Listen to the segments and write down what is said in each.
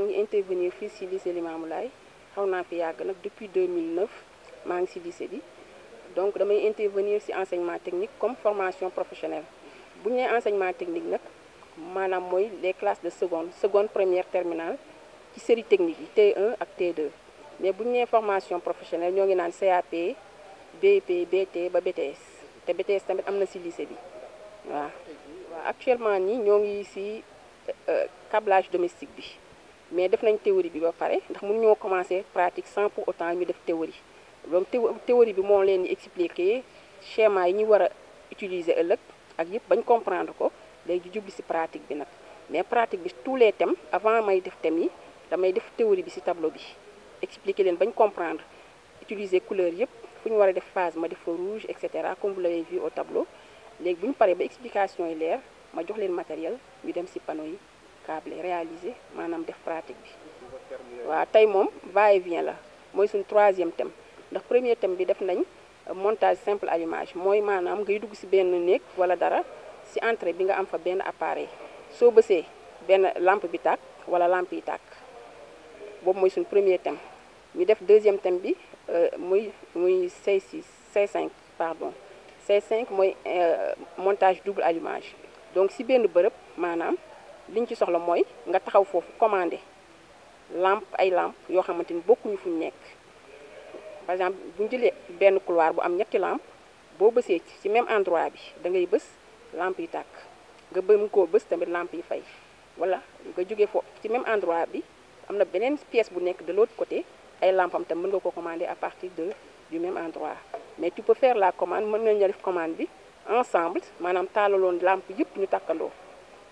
Nous avons intervenir lycée Limam depuis 2009 Nous avons intervenu lycée enseignement technique comme formation professionnelle Si l'enseignement enseignement technique nous avons les classes de seconde seconde première terminale qui série technique T1 et T2 mais pour formation professionnelle CAP BEP BT BTS BTS tamit le lycée actuellement nous avons ici un câblage domestique mais def nañ théorie bi ba pare ndax mun ñoo commencé pratique sans pour autant ñu def théorie donc théorie bi moo leen di expliquer schéma yi ñu war a utiliser ëllëg ak yëpp bañ comprendre ko léegi di jubli ci pratique bi nag mais pratique bi tous les thèmes avant may def thèmes yi damay def théorie bi ci tableau bi expliquer leen bañ comprendre utiliser couleur yëpp fu ñu war a def phase ma def rouge et cetera comme vous l'avez vu au tableau léegi bu ñu paree ba explication yi leer ma jox leen matériel ñu dem ci panneau yi réalisé manam def pratique troisième thème Le premier thème bi def euh, montage simple allumage moy ngay dugg ci dara ci entrée bi lampe bi Voilà lampe yi premier thème deuxième thème bi 5 euh, pardon euh, montage double allumage donc si ben beurep manam liñ ci soxla mooy nga taxaw foofu commandé lampe ay lampe yoo xamante ni bokkuñu fuñ nekk par exemple buñ ñu jëlee benn couloir bu am ñetti lampe boo bësee ci même endroit bi da ngay bës lampe yi tàkk nga bëm koo bës tamit lampe yi fay wala nga jógee fo ci même endroit bi am na beneen pièce bu nekk de l'autre côté ay am tam mën nga ko commander à partir de du même endroit mais tu peux faire la commande mën nañu def commande bi ensemble maanaam taalaloon lampe yëpp ñu tàkkandoo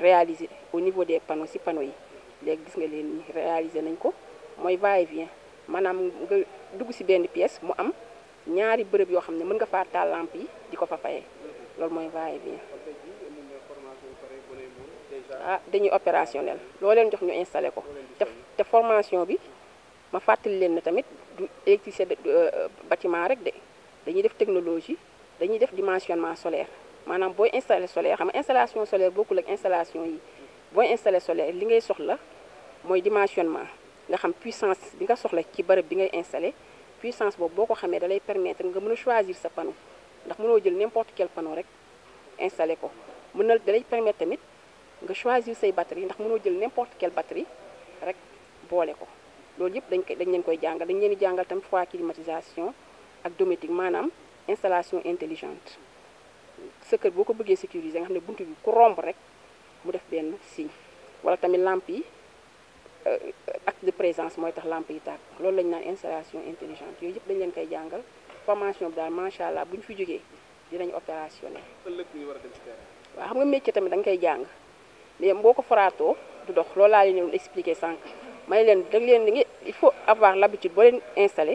réaliser au niveau des panneaux si panneaux yi léegi gis nga leen ni réaliser nañ ko mooy va-et-vient maanaam nga dugg si benn pièce mu am ñaari bërëb yoo xam ne mën nga faa taal lampe yi di ko fa fayee loolu mooy va-et-vient ah dañuy opérationnel loo leen jox ñu installé ko te te formation bi ma fàttali leen ne tamit du électricité euh, bâtiment rek de dañuy def technologie dañuy def dimensionnement solaire manam boy installé solaire xam installation solaire bokkul ak installation yi boy installé solaire li ngay soxla moy dimensionnement nga xam puissance bi nga soxla ci bërëb bi ngay installer puissance boobu boko xamé dalay permettre nga mën choisir sa panneau ndax mëno jël n'importe quel panneau rek installé ko mën dalay permettre tamit nga choisir say batterie ndax mëno jël n'importe quelle batterie rek bolé ko loolu yëpp dañ koy dañ leen koy jàngal dañ leen di jàngal tam fois climatisation ak domotique maanaam installation intelligente sa kër boo ko bëggee sécuriser nga xam ne bunt bi ku romb rek mu def benn signe wala tamit làmp yi euh, acte de présence mooy tax lampe yi tàkk loolu lañu naan installation intelligente yooyu yëpp dañ leen koy jàngal formation bi daal macha allah bu ñu fi jógee dinañ opérationnel. ëllëg ñu xam nga métier tamit da koy jàng mais boo ko foraatoo du dox loolu laa leen doon expliquer sànq may leen da leen ngi il faut avoir l'habitude boo leen installé.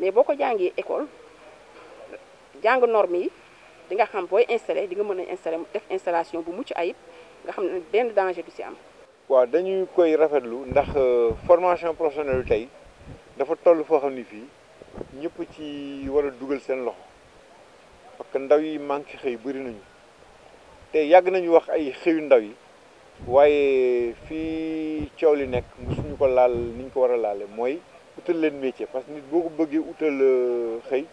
mais boo ko jàngee école jàng normes yi di nga xam booy installé di nga mën a installé def installation bu mucc ayib nga xam ne benn danger du si am. waaw dañuy koy rafetlu ndax euh, formation professionnelle yu tey dafa toll foo xam ni fii ñëpp ci war a dugal seen loxo parce que ndaw yi manqué xëy bëri nañu te yàgg nañu wax ay xëyu ndaw yi waaye fii coow li nekk mosuñu ko laal niñ ko war a laale mooy. utal leen métier parce que nit boo ko bëggee utal euh, xëy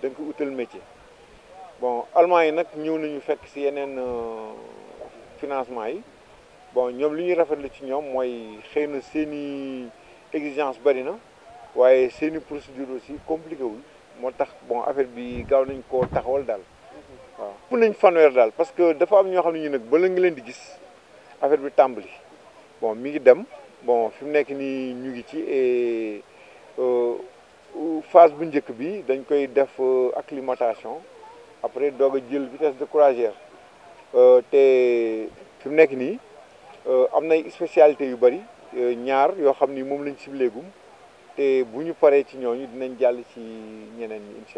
da nga ko utal métier bon allemand yi nag ñëw nañu fekk si yeneen euh, financement yi bon ñoom li ñuy rafetlu ci ñoom mooy xëy na seen i exigence bari na waaye seen i procédure aussi compliqué wul moo tax bon affaire bi gaaw nañ koo taxawal daal waaw. ëpp nañ fanweer daal parce que dafa am ñoo xam ne ñu nag bala nga leen di gis affaire bi tàmbali bon mi ngi dem bon fi mu nekk nii ñu ngi ci et. phase bu njëkk bi dañ koy def acclimatation après doog a jël vitesse de croisière te fi mu nekk nii am nay spécialité yu bari ñaar yoo xam ni moom lañ sibleegum te bu ñu paree ci ñooñu dinañ jàll ci ñeneen ñi incha